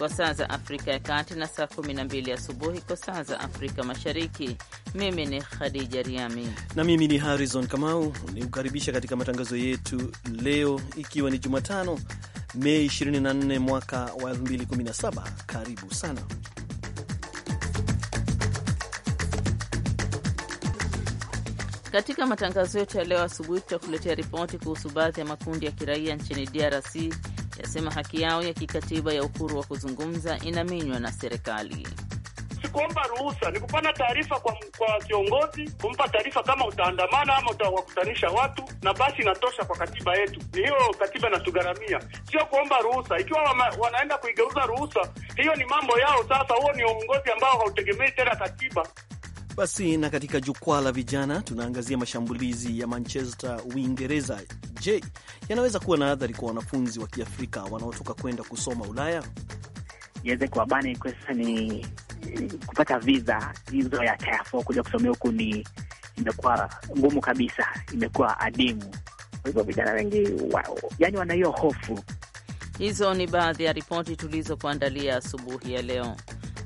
kwa saa za Afrika ya Kati na saa 12 asubuhi kwa saa za Afrika Mashariki. Mimi ni Khadija Riami na mimi ni Harrison Kamau, ni kukaribisha katika matangazo yetu leo, ikiwa ni Jumatano Mei 24 mwaka wa 2017. Karibu sana katika matangazo yetu ya leo asubuhi. Tutakuletea ripoti kuhusu baadhi ya makundi ya kiraia nchini DRC yasema haki yao ya kikatiba ya uhuru wa kuzungumza inaminywa na serikali. Sikuomba ruhusa, ni kupana taarifa kwa, kwa kiongozi, kumpa taarifa kama utaandamana ama utawakutanisha watu, na basi inatosha kwa katiba yetu. Ni hiyo katiba inatugharamia, sio kuomba ruhusa. Ikiwa wama, wanaenda kuigeuza ruhusa, hiyo ni mambo yao. Sasa huo ni uongozi ambao hautegemei tena katiba. Basi na katika jukwaa la vijana tunaangazia mashambulizi ya Manchester, Uingereza. Je, yanaweza kuwa na athari kwa wanafunzi wa Kiafrika wanaotoka kwenda kusoma Ulaya? Iweze bani kwesa ni eh, kupata visa hizo ya taifa kuja kusomea huku, ni imekuwa ngumu kabisa, imekuwa adimu. Kwa hivyo vijana wengi wow, yani wana hiyo hofu. Hizo ni baadhi ya ripoti tulizokuandalia asubuhi ya leo.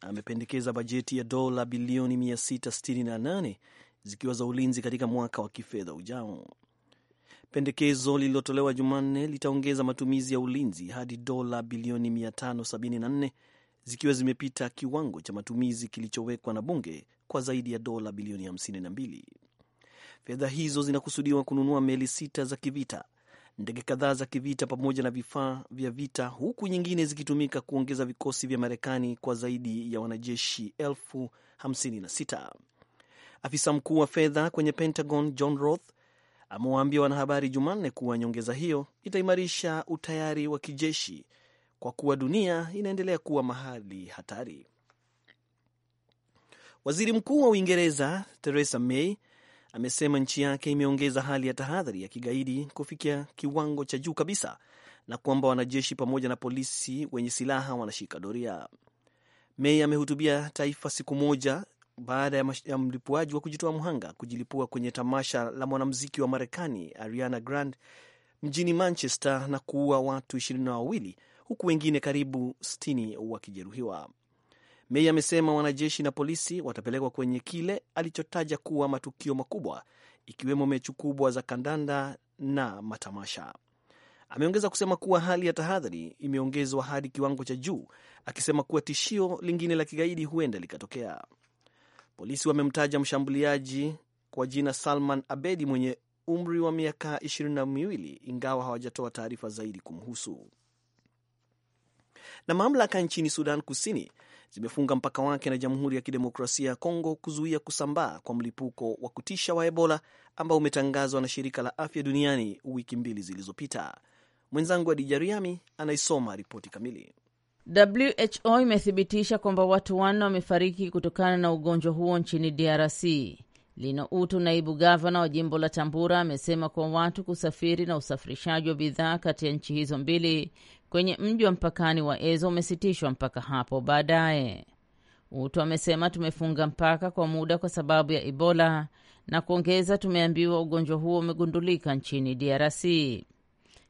amependekeza bajeti ya dola bilioni 668 zikiwa za ulinzi katika mwaka wa kifedha ujao. Pendekezo lililotolewa Jumanne litaongeza matumizi ya ulinzi hadi dola bilioni 574 zikiwa zimepita kiwango cha matumizi kilichowekwa na bunge kwa zaidi ya dola bilioni 52. Fedha hizo zinakusudiwa kununua meli sita za kivita ndege kadhaa za kivita pamoja na vifaa vya vita, huku nyingine zikitumika kuongeza vikosi vya Marekani kwa zaidi ya wanajeshi elfu Afisa mkuu wa fedha kwenye Pentagon John Roth amewaambia wanahabari Jumanne kuwa nyongeza hiyo itaimarisha utayari wa kijeshi kwa kuwa dunia inaendelea kuwa mahali hatari. Waziri Mkuu wa Uingereza Theresa May amesema nchi yake imeongeza hali ya tahadhari ya kigaidi kufikia kiwango cha juu kabisa na kwamba wanajeshi pamoja na polisi wenye silaha wanashika doria. Mei amehutubia taifa siku moja baada ya mlipuaji wa kujitoa mhanga kujilipua kwenye tamasha la mwanamuziki wa Marekani Ariana Grande mjini Manchester na kuua watu ishirini na wawili huku wengine karibu sitini wakijeruhiwa. Mei amesema wanajeshi na polisi watapelekwa kwenye kile alichotaja kuwa matukio makubwa ikiwemo mechi kubwa za kandanda na matamasha. Ameongeza kusema kuwa hali ya tahadhari imeongezwa hadi kiwango cha juu, akisema kuwa tishio lingine la kigaidi huenda likatokea. Polisi wamemtaja mshambuliaji kwa jina Salman Abedi mwenye umri wa miaka ishirini na miwili ingawa hawajatoa taarifa zaidi kumhusu. Na mamlaka nchini Sudan Kusini zimefunga mpaka wake na Jamhuri ya Kidemokrasia ya Kongo kuzuia kusambaa kwa mlipuko wa kutisha wa Ebola ambao umetangazwa na Shirika la Afya Duniani wiki mbili zilizopita. Mwenzangu Adija Riami anaisoma ripoti kamili. WHO imethibitisha kwamba watu wanne wamefariki kutokana na ugonjwa huo nchini DRC. Lino Utu, naibu gavana wa jimbo la Tambura, amesema kuwa watu kusafiri na usafirishaji wa bidhaa kati ya nchi hizo mbili kwenye mji wa mpakani wa Ezo umesitishwa mpaka hapo baadaye. Utu amesema tumefunga mpaka kwa muda kwa sababu ya Ebola na kuongeza, tumeambiwa ugonjwa huo umegundulika nchini DRC.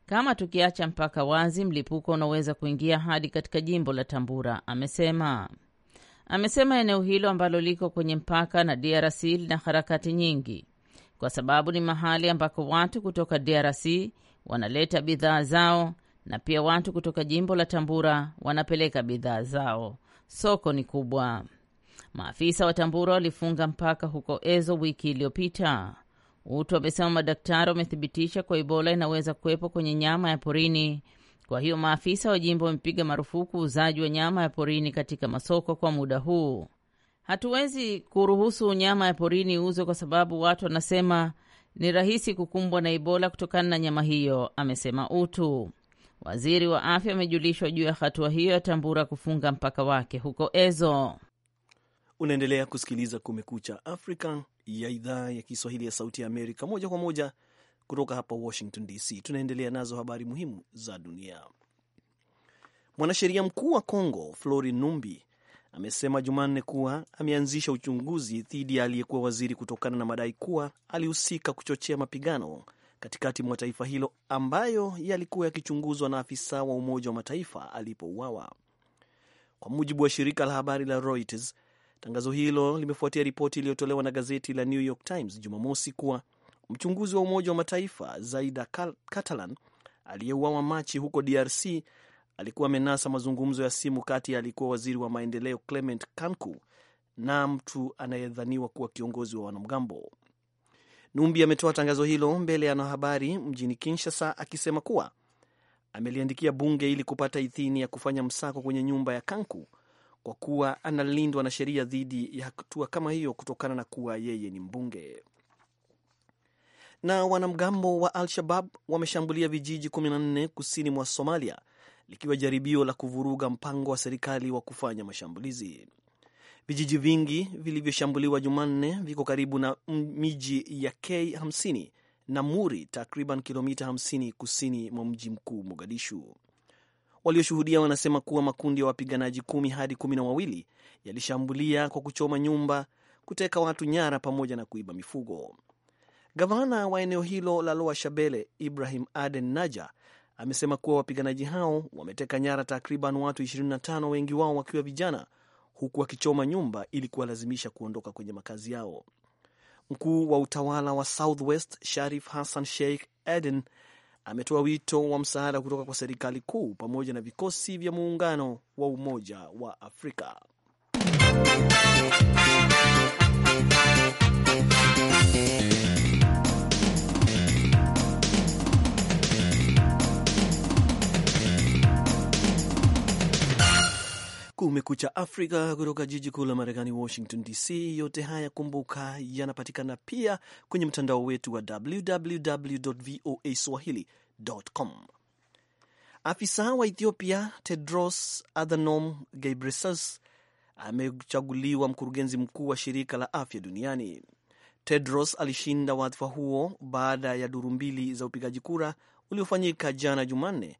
Kama tukiacha mpaka wazi, mlipuko unaweza kuingia hadi katika jimbo la Tambura, amesema. Amesema eneo hilo ambalo liko kwenye mpaka na DRC lina harakati nyingi, kwa sababu ni mahali ambako watu kutoka DRC wanaleta bidhaa zao na pia watu kutoka jimbo la Tambura wanapeleka bidhaa zao. Soko ni kubwa. Maafisa wa Tambura walifunga mpaka huko Ezo wiki iliyopita. Utu amesema madaktari wamethibitisha kwa Ebola inaweza kuwepo kwenye nyama ya porini. Kwa hiyo maafisa wa jimbo wamepiga marufuku uuzaji wa nyama ya porini katika masoko kwa muda huu. Hatuwezi kuruhusu nyama ya porini iuzwe kwa sababu watu wanasema ni rahisi kukumbwa na Ebola kutokana na nyama hiyo, amesema Utu. Waziri wa afya amejulishwa juu ya hatua hiyo ya Tambura kufunga mpaka wake huko Ezo. Unaendelea kusikiliza Kumekucha Afrika ya idhaa ya Kiswahili ya Sauti ya Amerika, moja kwa moja kutoka hapa Washington DC. Tunaendelea nazo habari muhimu za dunia. Mwanasheria mkuu wa Congo Flori Numbi amesema Jumanne kuwa ameanzisha uchunguzi dhidi ya aliyekuwa waziri kutokana na madai kuwa alihusika kuchochea mapigano katikati mwa taifa hilo ambayo yalikuwa yakichunguzwa na afisa wa Umoja wa Mataifa alipouawa. Kwa mujibu wa shirika la habari la Reuters, tangazo hilo limefuatia ripoti iliyotolewa na gazeti la New York Times Jumamosi kuwa mchunguzi wa Umoja wa Mataifa Zaida Catalan aliyeuawa Machi huko DRC alikuwa amenasa mazungumzo ya simu kati ya alikuwa waziri wa maendeleo Clement Kanku na mtu anayedhaniwa kuwa kiongozi wa wanamgambo. Numbi ametoa tangazo hilo mbele ya wanahabari mjini Kinshasa akisema kuwa ameliandikia bunge ili kupata idhini ya kufanya msako kwenye nyumba ya Kanku kwa kuwa analindwa na sheria dhidi ya hatua kama hiyo kutokana na kuwa yeye ni mbunge. Na wanamgambo wa Al-Shabab wameshambulia vijiji 14 kusini mwa Somalia likiwa jaribio la kuvuruga mpango wa serikali wa kufanya mashambulizi. Vijiji vingi vilivyoshambuliwa Jumanne viko karibu na miji ya K50 na Muri, takriban kilomita 50 kusini mwa mji mkuu Mogadishu. Walioshuhudia wanasema kuwa makundi ya wapiganaji kumi hadi kumi na wawili yalishambulia kwa kuchoma nyumba, kuteka watu nyara, pamoja na kuiba mifugo. Gavana wa eneo hilo la Loa Shabele, Ibrahim Aden Naja, amesema kuwa wapiganaji hao wameteka nyara takriban watu 25, wengi wao wakiwa vijana huku wakichoma nyumba ili kuwalazimisha kuondoka kwenye makazi yao. Mkuu wa utawala wa Southwest Sharif Hassan Sheikh Eden ametoa wito wa msaada kutoka kwa serikali kuu pamoja na vikosi vya muungano wa Umoja wa Afrika. Kumekucha Afrika kutoka jiji kuu la Marekani, Washington DC. Yote haya kumbuka, yanapatikana pia kwenye mtandao wetu wa www voa swahili.com. Afisa wa Ethiopia Tedros Adhanom Ghebreyesus amechaguliwa mkurugenzi mkuu wa shirika la afya duniani. Tedros alishinda wadhifa huo baada ya duru mbili za upigaji kura uliofanyika jana Jumanne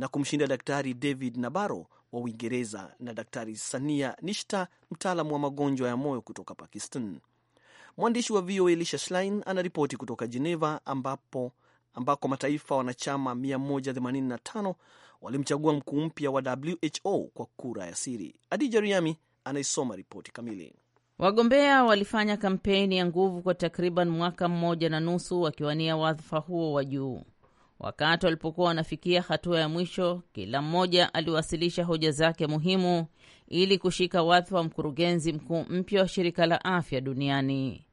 na kumshinda Daktari David Nabaro wa Uingereza na Daktari Sania Nishta, mtaalamu wa magonjwa ya moyo kutoka Pakistan. Mwandishi wa VOA Elisha Schlein anaripoti kutoka Geneva, ambapo ambako mataifa wanachama 185 walimchagua mkuu mpya wa WHO kwa kura ya siri. Adija Riami anaisoma ripoti kamili. Wagombea walifanya kampeni ya nguvu kwa takriban mwaka mmoja na nusu wakiwania wadhifa huo wa juu. Wakati walipokuwa wanafikia hatua ya mwisho, kila mmoja aliwasilisha hoja zake muhimu ili kushika wadhifa wa mkurugenzi mkuu mpya wa shirika la afya duniani.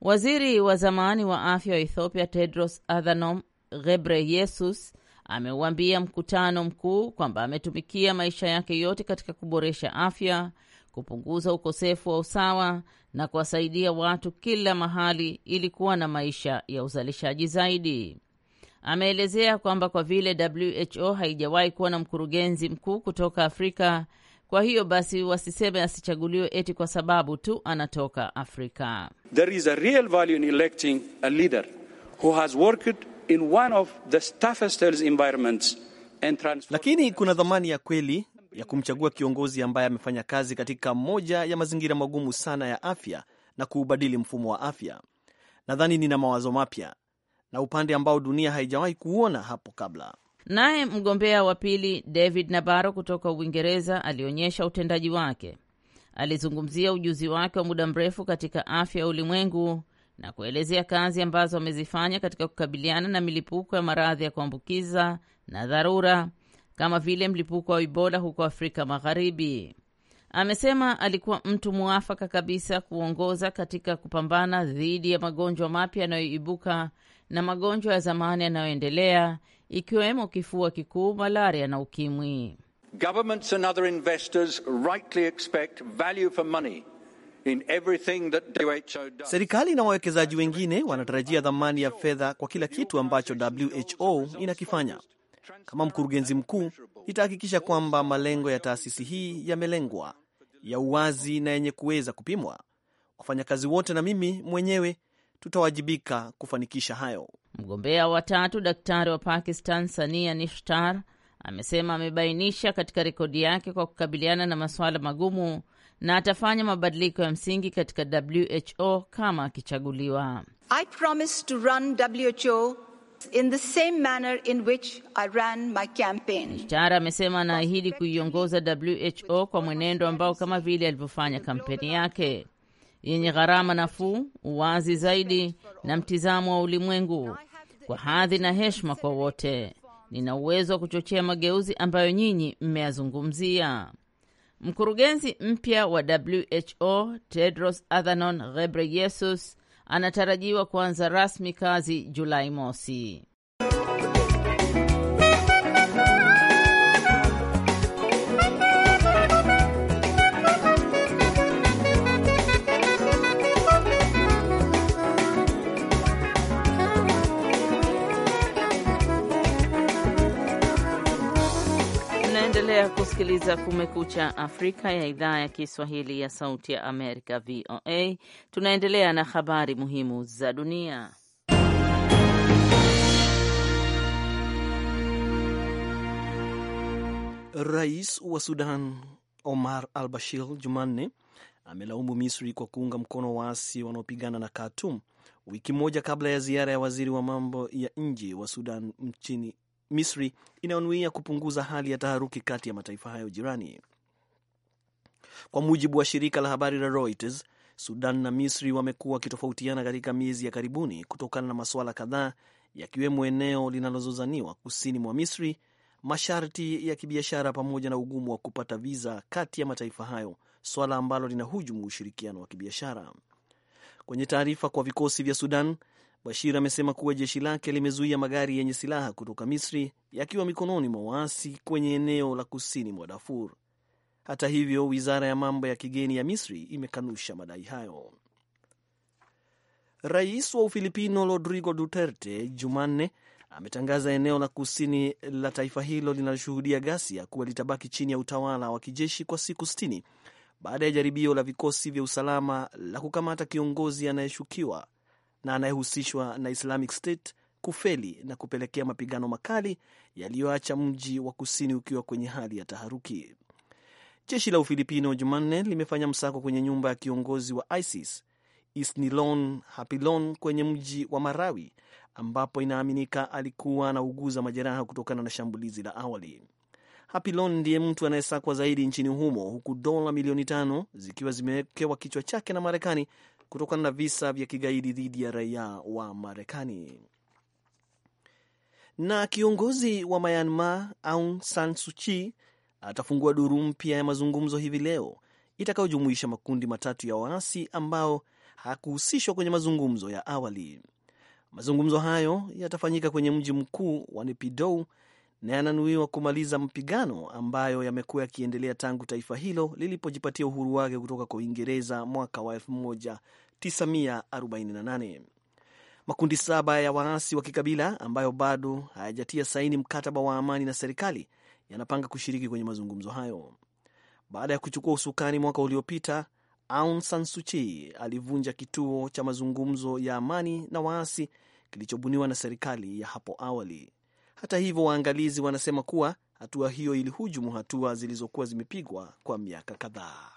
Waziri wa zamani wa afya wa Ethiopia Tedros Adhanom Ghebreyesus ameuambia mkutano mkuu kwamba ametumikia maisha yake yote katika kuboresha afya, kupunguza ukosefu wa usawa na kuwasaidia watu kila mahali ili kuwa na maisha ya uzalishaji zaidi. Ameelezea kwamba kwa vile WHO haijawahi kuwa na mkurugenzi mkuu kutoka Afrika, kwa hiyo basi wasiseme asichaguliwe eti kwa sababu tu anatoka Afrika. There is a real value in electing a leader who has worked in one of the toughest environments and transformed... Lakini kuna dhamani ya kweli ya kumchagua kiongozi ambaye amefanya kazi katika moja ya mazingira magumu sana ya afya na kuubadili mfumo wa afya. Nadhani nina mawazo mapya na upande ambao dunia haijawahi kuona hapo kabla. Naye mgombea wa pili David Nabaro kutoka Uingereza alionyesha utendaji wake. Alizungumzia ujuzi wake wa muda mrefu katika afya ya ulimwengu na kuelezea kazi ambazo amezifanya katika kukabiliana na milipuko ya maradhi ya kuambukiza na dharura kama vile mlipuko wa Ibola huko Afrika Magharibi. Amesema alikuwa mtu mwafaka kabisa kuongoza katika kupambana dhidi ya magonjwa mapya yanayoibuka na magonjwa ya zamani yanayoendelea ikiwemo kifua kikuu, malaria na ukimwi. Governments and other investors rightly expect value for money. Serikali na wawekezaji wengine wanatarajia dhamani ya fedha kwa kila kitu ambacho WHO inakifanya. Kama mkurugenzi mkuu, nitahakikisha kwamba malengo ya taasisi hii yamelengwa, ya uwazi na yenye kuweza kupimwa. Wafanyakazi wote na mimi mwenyewe tutawajibika kufanikisha hayo. Mgombea wa tatu daktari wa Pakistan Sania Nishtar amesema amebainisha katika rekodi yake kwa kukabiliana na masuala magumu na atafanya mabadiliko ya msingi katika WHO kama akichaguliwa. I promise to run WHO in the same manner in which I ran my campaign. Nishtar amesema anaahidi kuiongoza WHO kwa mwenendo ambao kama vile alivyofanya kampeni yake yenye gharama nafuu, uwazi zaidi na mtizamo wa ulimwengu, kwa hadhi na heshima kwa wote. Nina uwezo wa kuchochea mageuzi ambayo nyinyi mmeyazungumzia. Mkurugenzi mpya wa WHO Tedros Adhanom Ghebreyesus anatarajiwa kuanza rasmi kazi Julai mosi. unasikiliza Kumekucha Afrika ya idhaa ya Kiswahili ya Sauti ya Amerika, VOA. Tunaendelea na habari muhimu za dunia. Rais wa Sudan Omar al Bashir Jumanne amelaumu Misri kwa kuunga mkono waasi wanaopigana na Khartoum, wiki moja kabla ya ziara ya waziri wa mambo ya nje wa Sudan mchini Misri inayonuia kupunguza hali ya taharuki kati ya mataifa hayo jirani. Kwa mujibu wa shirika la habari la Reuters, Sudan na Misri wamekuwa wakitofautiana katika miezi ya karibuni kutokana na masuala kadhaa yakiwemo eneo linalozozaniwa kusini mwa Misri, masharti ya kibiashara, pamoja na ugumu wa kupata viza kati ya mataifa hayo, swala ambalo linahujumu ushirikiano wa kibiashara. Kwenye taarifa kwa vikosi vya Sudan, Bashir amesema kuwa jeshi lake limezuia magari yenye silaha kutoka Misri yakiwa mikononi mwa waasi kwenye eneo la kusini mwa Darfur. Hata hivyo, wizara ya mambo ya kigeni ya Misri imekanusha madai hayo. Rais wa Ufilipino Rodrigo Duterte Jumanne ametangaza eneo la kusini la taifa hilo linaloshuhudia ghasia kuwa litabaki chini ya utawala wa kijeshi kwa siku sitini baada ya jaribio la vikosi vya usalama la kukamata kiongozi anayeshukiwa na anayehusishwa na Islamic State kufeli na kupelekea mapigano makali yaliyoacha mji wa kusini ukiwa kwenye hali ya taharuki. Jeshi la Ufilipino Jumanne limefanya msako kwenye nyumba ya kiongozi wa ISIS Isnilon Hapilon kwenye mji wa Marawi ambapo inaaminika alikuwa anauguza majeraha kutokana na shambulizi la awali. Hapilon ndiye mtu anayesakwa zaidi nchini humo huku dola milioni tano zikiwa zimewekewa kichwa chake na Marekani kutokana na visa vya kigaidi dhidi ya raia wa Marekani. Na kiongozi wa Myanmar Aung San Suu Kyi atafungua duru mpya ya mazungumzo hivi leo itakayojumuisha makundi matatu ya waasi ambao hakuhusishwa kwenye mazungumzo ya awali. Mazungumzo hayo yatafanyika kwenye mji mkuu wa Naypyidaw na yananuiwa kumaliza mapigano ambayo yamekuwa yakiendelea tangu taifa hilo lilipojipatia uhuru wake kutoka kwa Uingereza mwaka wa 1948. Makundi saba ya waasi wa kikabila ambayo bado hayajatia saini mkataba wa amani na serikali yanapanga kushiriki kwenye mazungumzo hayo. Baada ya kuchukua usukani mwaka uliopita, Aung San Suu Kyi alivunja kituo cha mazungumzo ya amani na waasi kilichobuniwa na serikali ya hapo awali. Hata hivyo, waangalizi wanasema kuwa hatua hiyo ilihujumu hatua zilizokuwa zimepigwa kwa miaka kadhaa.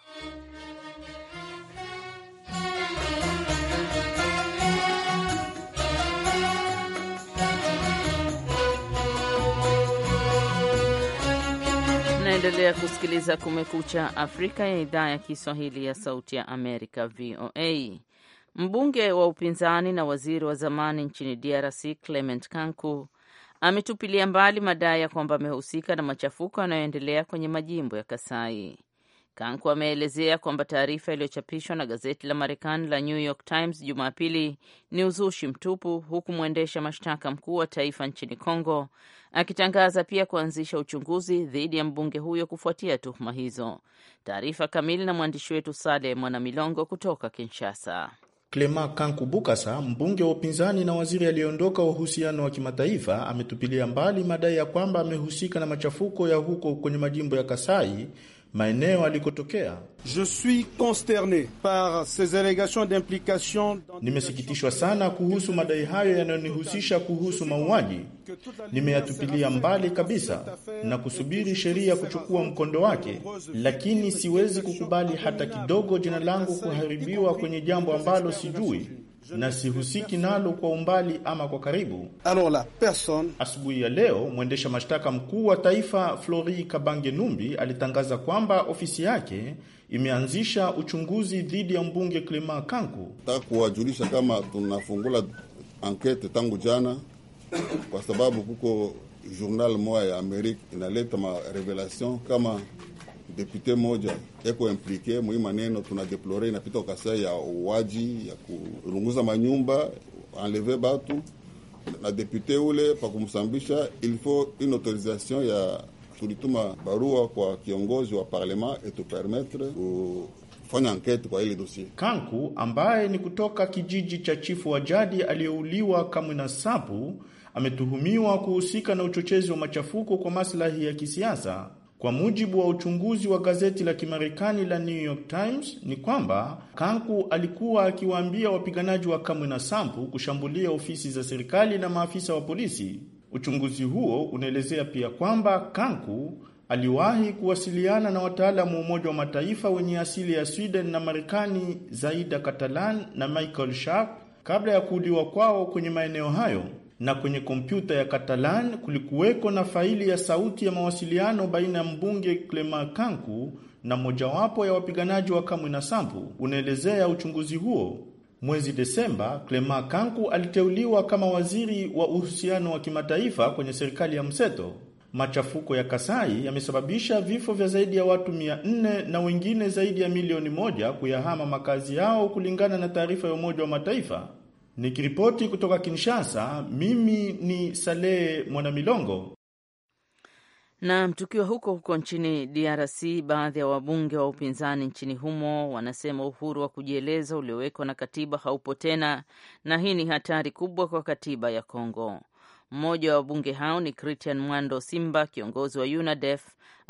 Endelea kusikiliza Kumekucha Afrika ya idhaa ya Kiswahili ya Sauti ya Amerika, VOA. Mbunge wa upinzani na waziri wa zamani nchini DRC Clement Kanku ametupilia mbali madai ya kwamba amehusika na machafuko yanayoendelea kwenye majimbo ya Kasai. Kanku ameelezea kwamba taarifa iliyochapishwa na gazeti la Marekani la New York Times Jumapili ni uzushi mtupu, huku mwendesha mashtaka mkuu wa taifa nchini congo akitangaza pia kuanzisha uchunguzi dhidi ya mbunge huyo kufuatia tuhuma hizo. Taarifa kamili na mwandishi wetu Saleh Mwanamilongo kutoka Kinshasa. Clement Kanku Bukasa, mbunge wa upinzani na waziri aliyeondoka wa uhusiano wa kimataifa, ametupilia mbali madai ya kwamba amehusika na machafuko ya huko kwenye majimbo ya Kasai maeneo alikotokea. Je suis consterné par ces allegations d'implication. Nimesikitishwa sana kuhusu madai hayo yanayonihusisha kuhusu mauaji. Nimeyatupilia mbali kabisa na kusubiri sheria kuchukua mkondo wake, lakini siwezi kukubali hata kidogo jina langu kuharibiwa kwenye jambo ambalo sijui na sihusiki nalo kwa umbali ama kwa karibu. Asubuhi ya leo mwendesha mashtaka mkuu wa taifa Flori Kabange Numbi alitangaza kwamba ofisi yake imeanzisha uchunguzi dhidi ya mbunge klima Kanku. Nataka kuwajulisha kama tunafungula ankete tangu jana, kwa sababu kuko journal moya ya Amerika inaleta revelation kama depute moja eko implike mwi maneno tunadeplore inapita ukasa ya uwaji ya kurunguza manyumba enleve batu na depute ule pa kumsambisha ilifo une autorisation ya tulituma barua kwa kiongozi wa parlema etupermetre kufanya ankete kwa ile dosie. Kanku ambaye ni kutoka kijiji cha chifu wa jadi aliyeuliwa na Sapu ametuhumiwa kuhusika na uchochezi wa machafuko kwa maslahi ya kisiasa. Kwa mujibu wa uchunguzi wa gazeti la Kimarekani la New York Times ni kwamba Kanku alikuwa akiwaambia wapiganaji wa Kamwe na Sampu kushambulia ofisi za serikali na maafisa wa polisi. Uchunguzi huo unaelezea pia kwamba Kanku aliwahi kuwasiliana na wataalamu wa Umoja wa Mataifa wenye asili ya Sweden na Marekani, Zaida Catalan na Michael Sharp kabla ya kuuliwa kwao kwenye maeneo hayo na kwenye kompyuta ya Catalan kulikuweko na faili ya sauti ya mawasiliano baina ya mbunge Clement Kanku na mojawapo ya wapiganaji wa na Sambu unaelezea uchunguzi huo. Mwezi Desemba, Clema Kanku aliteuliwa kama waziri wa uhusiano wa kimataifa kwenye serikali ya mseto. Machafuko ya Kasai yamesababisha vifo vya zaidi ya watu 400 na wengine zaidi ya milioni moja kuyahama makazi yao kulingana na taarifa ya Umoja wa Mataifa. Nikiripoti kutoka Kinshasa, mimi ni Salehe Mwanamilongo. Nam, tukiwa huko huko nchini DRC, baadhi ya wabunge wa upinzani nchini humo wanasema uhuru wa kujieleza uliowekwa na katiba haupo tena, na hii ni hatari kubwa kwa katiba ya Kongo. Mmoja wa wabunge hao ni Christian Mwando Simba, kiongozi wa UNADEF,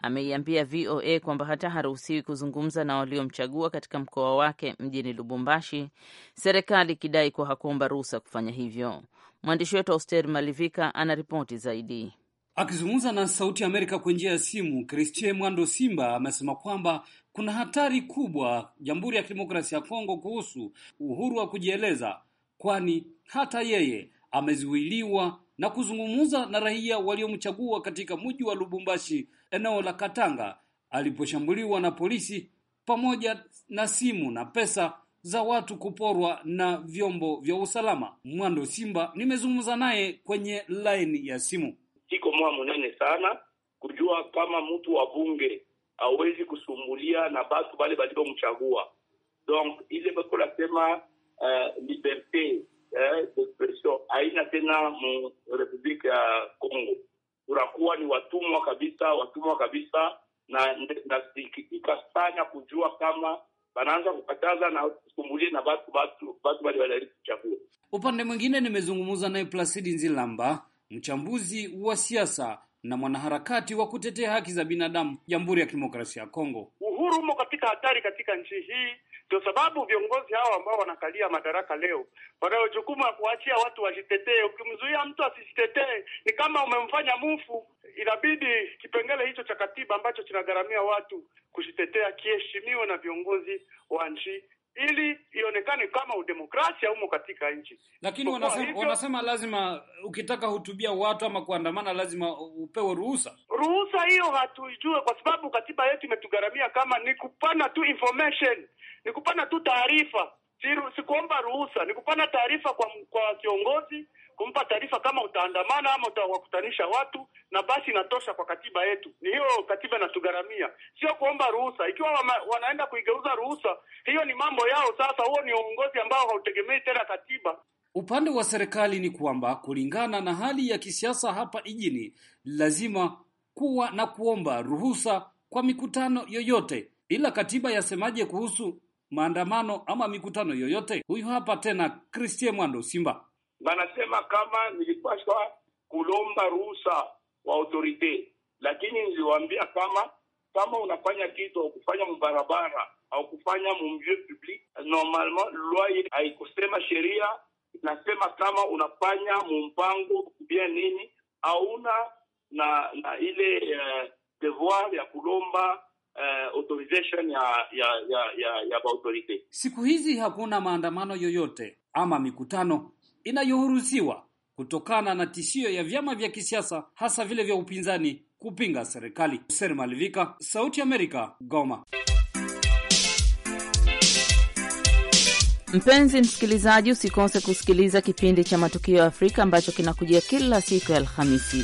ameiambia VOA kwamba hata haruhusiwi kuzungumza na waliomchagua katika mkoa wake mjini Lubumbashi, serikali ikidai kuwa hakuomba ruhusa kufanya hivyo. Mwandishi wetu Auster Malivika ripoti zaidi. Akizungumza na Sauti ya Amerika kwa njia ya simu, Christian Mwando Simba amesema kwamba kuna hatari kubwa Jamhuri ya Kidemokrasia ya Kongo kuhusu uhuru wa kujieleza, kwani hata yeye amezuiliwa na kuzungumza na raia waliomchagua katika mji wa Lubumbashi, eneo la Katanga, aliposhambuliwa na polisi pamoja na simu na pesa za watu kuporwa na vyombo vya usalama. Mwando Simba nimezungumza naye kwenye laini ya simu. siko mwa munene sana kujua kama mtu wa bunge hawezi kusumbulia na batu bale balivyomchagua, donc ile bako nasema uh, liberte eh, depression haina tena mu Republika ya Kongo, tunakuwa ni watumwa kabisa, watumwa kabisa, na nasikitika sana kujua kama wanaanza kukataza na kusumbulie na batu batu batu bali wale chakula. Upande mwingine, nimezungumza naye Placide Nzilamba, mchambuzi wa siasa na mwanaharakati wa kutetea haki za binadamu Jamhuri ya Kidemokrasia ya Kongo. Uhuru umo katika hatari katika nchi hii ndio sababu viongozi hao ambao wanakalia madaraka leo wanao jukumu ya kuachia watu wajitetee. Ukimzuia mtu asijitetee, ni kama umemfanya mufu. Inabidi kipengele hicho cha katiba ambacho kinagharamia watu kujitetea kiheshimiwe na viongozi wa nchi ili ionekane kama udemokrasia humo katika nchi. Lakini wanasema, hivyo, wanasema lazima ukitaka hutubia watu ama kuandamana lazima upewe ruhusa. Ruhusa hiyo hatuijue, kwa sababu katiba yetu imetugharamia kama ni kupana tu information ni kupana tu taarifa, sikuomba ruhusa, ni kupana taarifa kwa, kwa kiongozi kumpa taarifa kama utaandamana ama utawakutanisha watu, na basi inatosha kwa katiba yetu. Ni hiyo katiba inatugharamia, sio kuomba ruhusa. Ikiwa wama, wanaenda kuigeuza ruhusa, hiyo ni mambo yao. Sasa huo ni uongozi ambao hautegemei tena katiba. Upande wa serikali ni kwamba kulingana na hali ya kisiasa hapa ijini lazima kuwa na kuomba ruhusa kwa mikutano yoyote. Ila katiba yasemaje kuhusu maandamano ama mikutano yoyote? Huyu hapa tena Christie Mwando Simba banasema kama nilipashwa kulomba ruhusa wa autorite, lakini niliwaambia kama kama unafanya kitu au kufanya mbarabara au kufanya mumvie public, normalement loi haikusema, sheria inasema kama unafanya mumpango kubia nini, hauna na na ile uh, devoir ya kulomba uh, authorization ya ya ya ya, ya authority. Siku hizi hakuna maandamano yoyote ama mikutano inayohurusiwa kutokana na tishio ya vyama vya kisiasa hasa vile vya upinzani kupinga serikali. Ser Malivika, Sauti Amerika, Goma. Mpenzi msikilizaji, usikose kusikiliza kipindi cha Matukio ya Afrika ambacho kinakujia kila siku ya Alhamisi.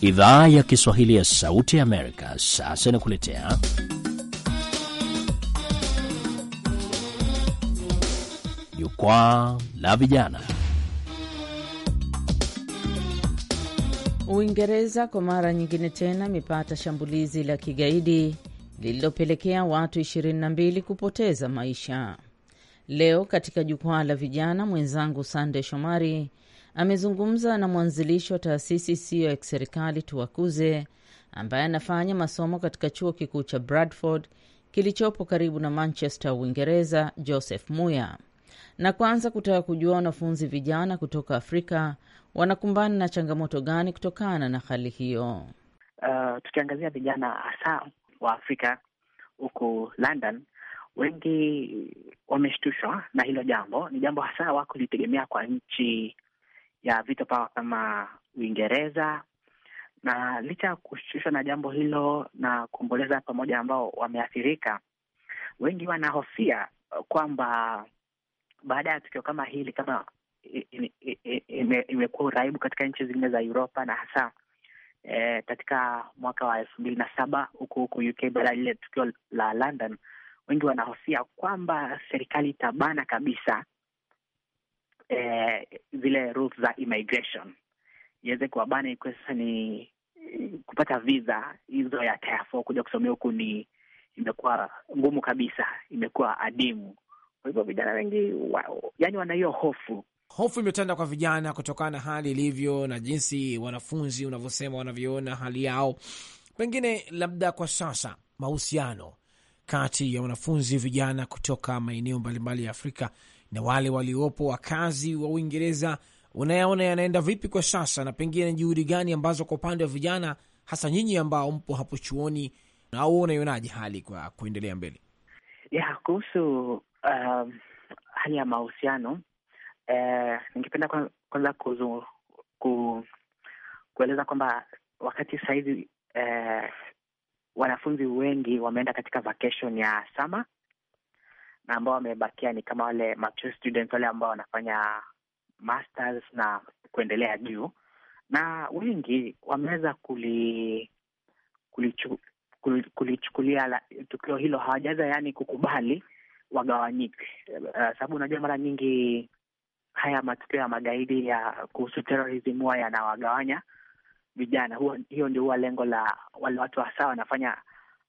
Idhaa ya Kiswahili ya Sauti ya Amerika sasa inakuletea Jukwaa la Vijana. Uingereza kwa mara nyingine tena imepata shambulizi la kigaidi lililopelekea watu 22 kupoteza maisha. Leo katika Jukwaa la Vijana, mwenzangu Sande Shomari amezungumza na mwanzilishi wa taasisi isiyo ya kiserikali Tuwakuze ambaye anafanya masomo katika chuo kikuu cha Bradford kilichopo karibu na Manchester, Uingereza, Joseph Muya, na kwanza kutaka kujua wanafunzi vijana kutoka Afrika wanakumbana na changamoto gani kutokana na hali hiyo. Uh, tukiangazia vijana hasa wa Afrika huku London, wengi wameshtushwa na hilo jambo. Ni jambo hasa kulitegemea kwa nchi ya vita pawa kama Uingereza, na licha ya kushushwa na jambo hilo na kuomboleza pamoja ambao wameathirika, wengi wanahofia kwamba baada ya tukio kama hili kama imekuwa uraibu katika nchi zingine za Uropa na hasa eh, katika mwaka wa elfu mbili na saba huku huku UK baada ya lile tukio la London, wengi wanahofia kwamba serikali itabana kabisa eh, zile rules za immigration iweze kuwabana ikuwe sasa ni eh, kupata visa hizo ya tier kuja kusomea huku ni imekuwa ngumu kabisa, imekuwa adimu. Kwa hivyo vijana wengi wow, yani wana hiyo hofu. Hofu imetanda kwa vijana kutokana na hali ilivyo na jinsi wanafunzi unavyosema wanavyoona hali yao. Pengine labda kwa sasa mahusiano kati ya wanafunzi vijana kutoka maeneo mbalimbali ya Afrika na wale waliopo wakazi wa Uingereza, unayaona yanaenda vipi kwa sasa, na pengine juhudi gani ambazo kwa upande wa vijana, hasa nyinyi ambao mpo hapo chuoni, au unaionaje hali kwa kuendelea mbele? Yeah, kuhusu uh, hali ya mahusiano eh, ningependa kwanza, kuzu, ku, kueleza kwamba wakati sahizi eh, wanafunzi wengi wameenda katika vacation ya sama na ambao wamebakia ni kama wale mature students, wale ambao wanafanya masters na kuendelea juu, na wengi wameweza kuli kulichukulia kuli, kuli tukio hilo, hawajaweza yani kukubali wagawanyike, uh, sababu unajua mara nyingi haya matukio ya magaidi ya kuhusu terrorism huwa yanawagawanya vijana. Hiyo ndio huwa lengo la wale watu hasa wanafanya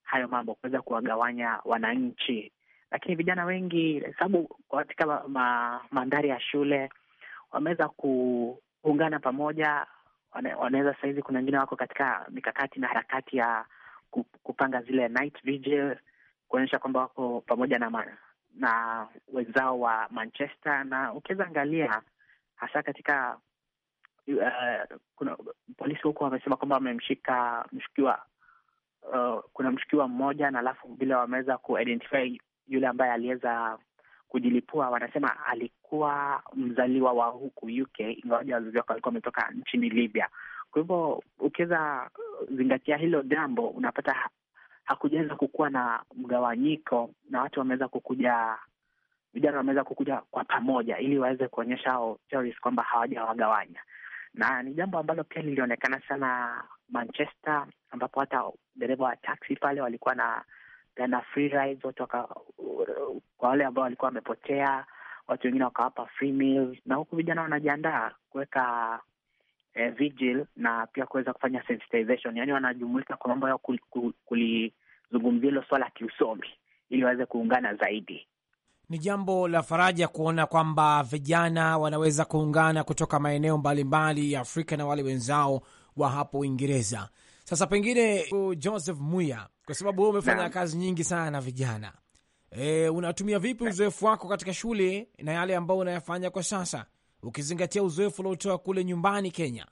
hayo mambo, kuweza kuwagawanya wananchi lakini vijana wengi sababu katika ma, mandhari ya shule wameweza kuungana pamoja, wanaweza sahizi, kuna wengine wako katika mikakati na harakati ya kupanga zile night vigil kuonyesha kwamba wako pamoja na ma, na wenzao wa Manchester, na ukiweza angalia hasa katika uh, kuna polisi huku wamesema kwamba wamemshika mshukiwa uh, kuna mshukiwa mmoja na alafu vile wameweza kuidentify yule ambaye aliweza kujilipua wanasema alikuwa mzaliwa wa huku UK, ingawaja wazazi wake walikuwa wametoka nchini Libya. Kwa hivyo ukiweza zingatia hilo jambo, unapata hakujaweza kukuwa na mgawanyiko, na watu wameweza kukuja, vijana wameweza kukuja kwa pamoja ili waweze kuonyesha hao terrorists kwamba hawajawagawanya, na ni jambo ambalo pia lilionekana sana Manchester, ambapo hata dereva wa taxi pale walikuwa na na free rides watu waka, kwa wale ambao walikuwa wamepotea, watu wengine wakawapa free meals, na huku vijana wanajiandaa kuweka eh, vigil na pia kuweza kufanya sensitization, yaani wanajumuika kwa mambo yao kulizungumzia hilo swala kiusomi ili waweze kuungana zaidi. Ni jambo la faraja kuona kwamba vijana wanaweza kuungana kutoka maeneo mbalimbali ya Afrika na wale wenzao wa hapo Uingereza. Sasa pengine Joseph Muya, kwa sababu wewe umefanya na kazi nyingi sana na vijana e, unatumia vipi uzoefu wako katika shule na yale ambayo unayafanya kwa sasa ukizingatia uzoefu uliotoa kule nyumbani Kenya?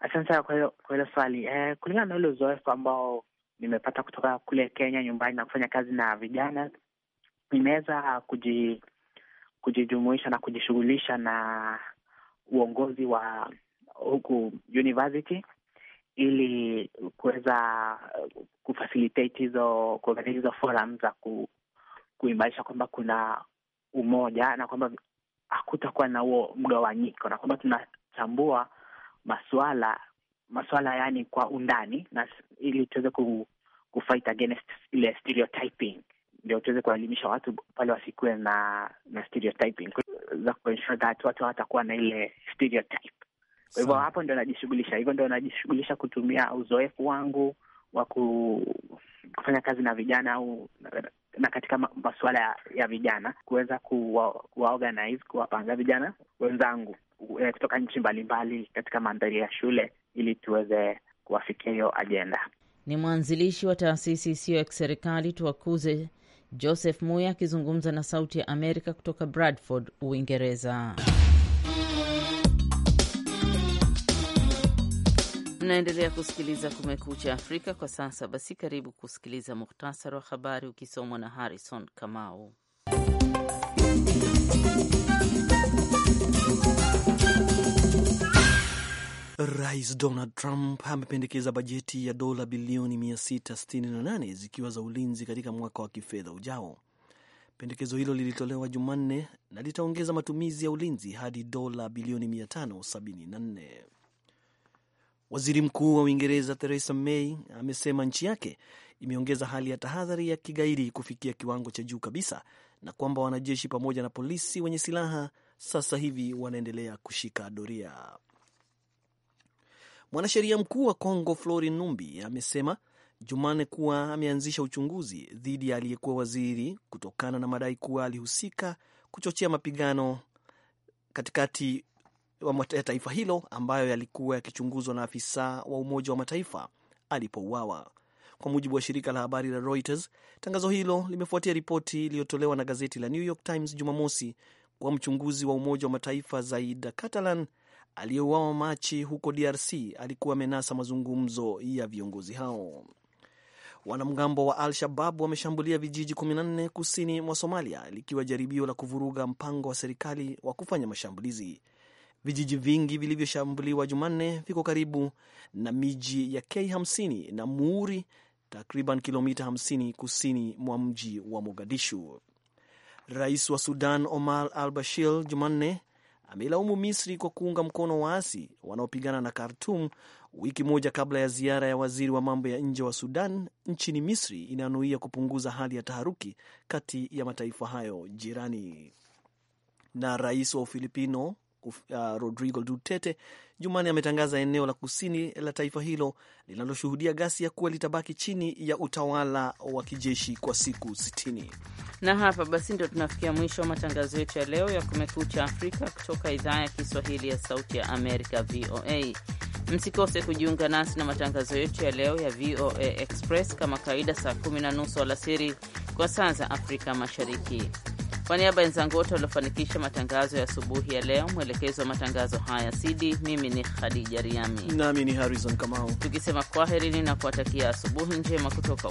Asante sana kwa hilo swali. E, kulingana na ule uzoefu ambao nimepata kutoka kule Kenya nyumbani na kufanya kazi na vijana, nimeweza kuji, kujijumuisha na kujishughulisha na uongozi wa huku university ili kuweza uh, kufacilitate hizo kuangalia hizo forum za ku, kuimarisha kwamba kuna umoja na kwamba hakutakuwa na huo mgawanyiko na kwamba tunachambua masuala masuala yani kwa undani na ili tuweze ku, against ile stereotyping, ndio tuweze kuwaelimisha watu pale wasikuwe na na stereotyping za kuensure that watu hawatakuwa na ile stereotype kwa hivyo hapo ndo najishughulisha, hivyo ndo najishughulisha kutumia uzoefu wangu wa kufanya kazi na vijana au na katika masuala ya, ya vijana kuweza kuwaorganize kuwapanga vijana wenzangu e, kutoka nchi mbalimbali katika mandhari ya shule ili tuweze kuwafikia hiyo ajenda. Ni mwanzilishi wa taasisi isiyo ya kiserikali Tuwakuze, Joseph Muya akizungumza na Sauti ya Amerika kutoka Bradford, Uingereza. Mnaendelea kusikiliza Kumekucha Afrika kwa sasa. Basi karibu kusikiliza muhtasari wa habari ukisomwa na Harrison Kamau. Rais Donald Trump amependekeza bajeti ya dola bilioni 668 zikiwa za ulinzi katika mwaka wa kifedha ujao. Pendekezo hilo lilitolewa Jumanne na litaongeza matumizi ya ulinzi hadi dola bilioni 574. Waziri Mkuu wa Uingereza Theresa May amesema nchi yake imeongeza hali ya tahadhari ya kigaidi kufikia kiwango cha juu kabisa na kwamba wanajeshi pamoja na polisi wenye silaha sasa hivi wanaendelea kushika doria. Mwanasheria mkuu wa congo Florin Numbi amesema Jumanne kuwa ameanzisha uchunguzi dhidi ya aliyekuwa waziri kutokana na madai kuwa alihusika kuchochea mapigano katikati ya taifa hilo ambayo yalikuwa yakichunguzwa na afisa wa Umoja wa Mataifa alipouawa. Kwa mujibu wa shirika la habari la Reuters, tangazo hilo limefuatia ripoti iliyotolewa na gazeti la New York Times Jumamosi kwa mchunguzi wa Umoja wa Mataifa Zaida Catalan aliyeuawa Machi huko DRC alikuwa amenasa mazungumzo ya viongozi hao. Wanamgambo wa Al-Shabab wameshambulia vijiji 14 kusini mwa Somalia likiwa jaribio la kuvuruga mpango wa serikali wa kufanya mashambulizi. Vijiji vingi vilivyoshambuliwa Jumanne viko karibu na miji ya K50 na Muuri, takriban kilomita 50 kusini mwa mji wa Mogadishu. Rais wa Sudan Omar al Bashir Jumanne ameilaumu Misri kwa kuunga mkono waasi wanaopigana na Khartum, wiki moja kabla ya ziara ya waziri wa mambo ya nje wa Sudan nchini Misri inayonuia kupunguza hali ya taharuki kati ya mataifa hayo jirani. Na rais wa Ufilipino uh, Rodrigo Duterte Jumanne ametangaza eneo la kusini la taifa hilo linaloshuhudia ghasia kuwa litabaki chini ya utawala wa kijeshi kwa siku 60. Na hapa basi ndio tunafikia mwisho wa matangazo yetu ya leo ya Kumekucha Afrika kutoka idhaa ya Kiswahili ya Sauti ya Amerika, VOA. Msikose kujiunga nasi na matangazo yetu ya leo ya VOA Express kama kawaida, saa kumi na nusu alasiri kwa saa za Afrika Mashariki. Kwa niaba ya wenzangu wote waliofanikisha matangazo ya asubuhi ya leo, mwelekezi wa matangazo haya Sidi, mimi ni Khadija Riami nami ni Harrison Kamau, tukisema kwaherini na kuwatakia asubuhi njema kutoka